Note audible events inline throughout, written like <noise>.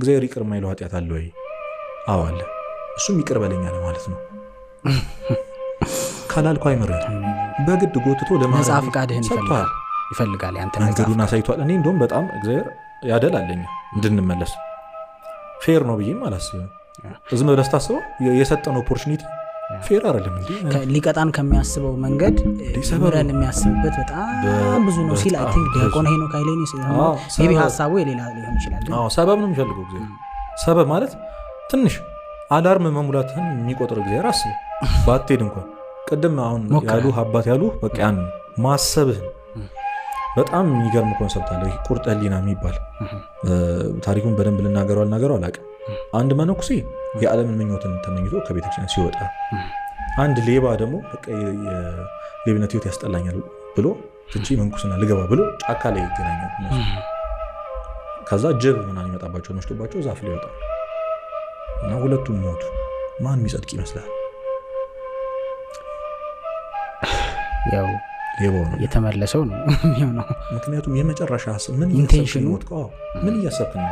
እግዚአብሔር ይቅር የማይለው ኃጢአት አለ ወይ? አዎ አለ። እሱም ይቅር በለኛ ማለት ነው <laughs> ካላልኩ አይምርህ በግድ ጎትቶ ለነጻ ፍቃድህን ይፈልጋል። ይፈልጋል ያንተ መንገዱን አሳይቷል። እኔ እንደውም በጣም እግዚአብሔር ያደል አለኝ እንድንመለስ ፌር ነው ብዬም አላስብም። ዝም ብለህ ስታስበው የሰጠን ኦፖርቹኒቲ ፌር አይደለም እንዴ? ሊቀጣን ከሚያስበው መንገድ ምረን የሚያስብበት በጣም ብዙ ነው ሲል አይ ቲንክ ዲያቆን ሄኖክ ኃይሌ ቢ ሀሳቡ የሌላ ሊሆን ይችላል። ሰበብ ነው የሚፈልገው ጊዜ ሰበብ ማለት ትንሽ አላርም መሙላትን የሚቆጥረው ጊዜ ራስ ባትሄድ እንኳን ቅድም አሁን ያሉ አባት ያሉ በቃ ማሰብህን በጣም የሚገርም ኮንሰፕት አለ። ቁርጠሊና ህሊና የሚባል ታሪኩን በደንብ ልናገረው አልናገረው አላውቅም። አንድ መነኩሴ የዓለምን ምኞትን ተመኝቶ ከቤተክርስቲያን ሲወጣ፣ አንድ ሌባ ደግሞ የሌብነት ህይወት ያስጠላኛል ብሎ ትቺ መንኩስና ልገባ ብሎ ጫካ ላይ ይገናኛል። ከዛ ጅብ ምና ይመጣባቸው መሽቶባቸው ዛፍ ላይ ይወጣል እና ሁለቱም ሞቱ። ማን የሚጸድቅ ይመስላል? ያው የተመለሰው ነው <laughs> የሚሆነው። ምክንያቱም የመጨረሻ ምን ምን እያሰብክ ነው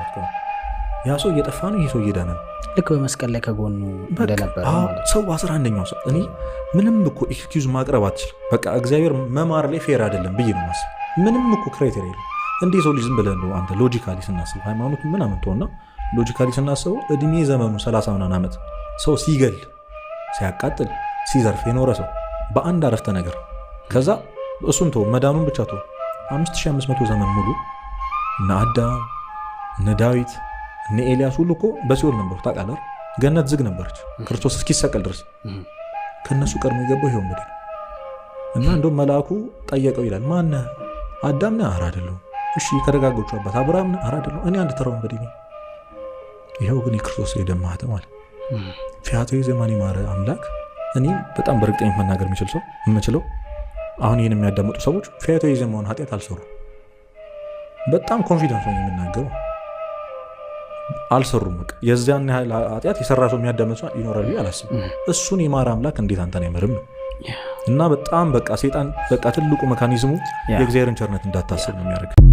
ያ ሰው እየጠፋ ነው፣ ይህ ሰው እየዳነ ልክ በመስቀል ላይ ከጎኑ ሰው አስራ አንደኛው ሰው እኔ ምንም እኮ ኤክስኪውዝ ማቅረብ አትችል በቃ እግዚአብሔር መማር ላይ ፌር አይደለም ብዬ ነው ማስብ። ምንም እኮ ክራይቴሪያ የለም። እንዴ ሰው ልጅ ዝም ብለህ ነው አንተ ሎጂካሊ ስናስብ ሃይማኖቱ ምን ትሆና ሎጂካሊ ስናስበው እድሜ ዘመኑ ሰላሳ ምናን ዓመት ሰው ሲገል ሲያቃጥል ሲዘርፍ የኖረ ሰው በአንድ አረፍተ ነገር ከዛ እሱን ተው፣ መዳኑን ብቻ ተው። 5500 ዘመን ሙሉ እነ አዳም እነ ዳዊት እነ ኤልያስ ሁሉ እኮ በሲኦል ነበሩ። ታውቃለህ፣ ገነት ዝግ ነበረች ክርስቶስ እስኪሰቀል ድረስ። ከእነሱ ቀድሞ የገባው ይሄው እንግዲህ እና እንደውም መልአኩ ጠየቀው ይላል። ማነ አዳም ነህ? ኧረ አይደለሁም። እሺ ከደጋጎቹ አባት አብርሃም ነህ? ኧረ አይደለሁም። እኔ አንድ ተራው እንግዲህ ይኸው ግን የክርስቶስ የደም ማህተም አለ። ፊያታዊ ዘማን አምላክ እኔ በጣም በእርግጠኝነት መናገር የምችል ሰው የምችለው አሁን ይህን የሚያዳምጡ ሰዎች ፌቶይዝም መሆን ኃጢአት አልሰሩም። በጣም ኮንፊደንስ ነው የሚናገሩ አልሰሩም። በቃ የዚያን ያህል ኃጢአት የሰራ ሰው የሚያዳምጥ ይኖራል አላስብም። እሱን የማር አምላክ እንዴት አንተን አይምርም ነው እና በጣም በቃ ሴጣን በቃ ትልቁ መካኒዝሙ የእግዚአብሔርን ቸርነት እንዳታስብ ነው የሚያደርግ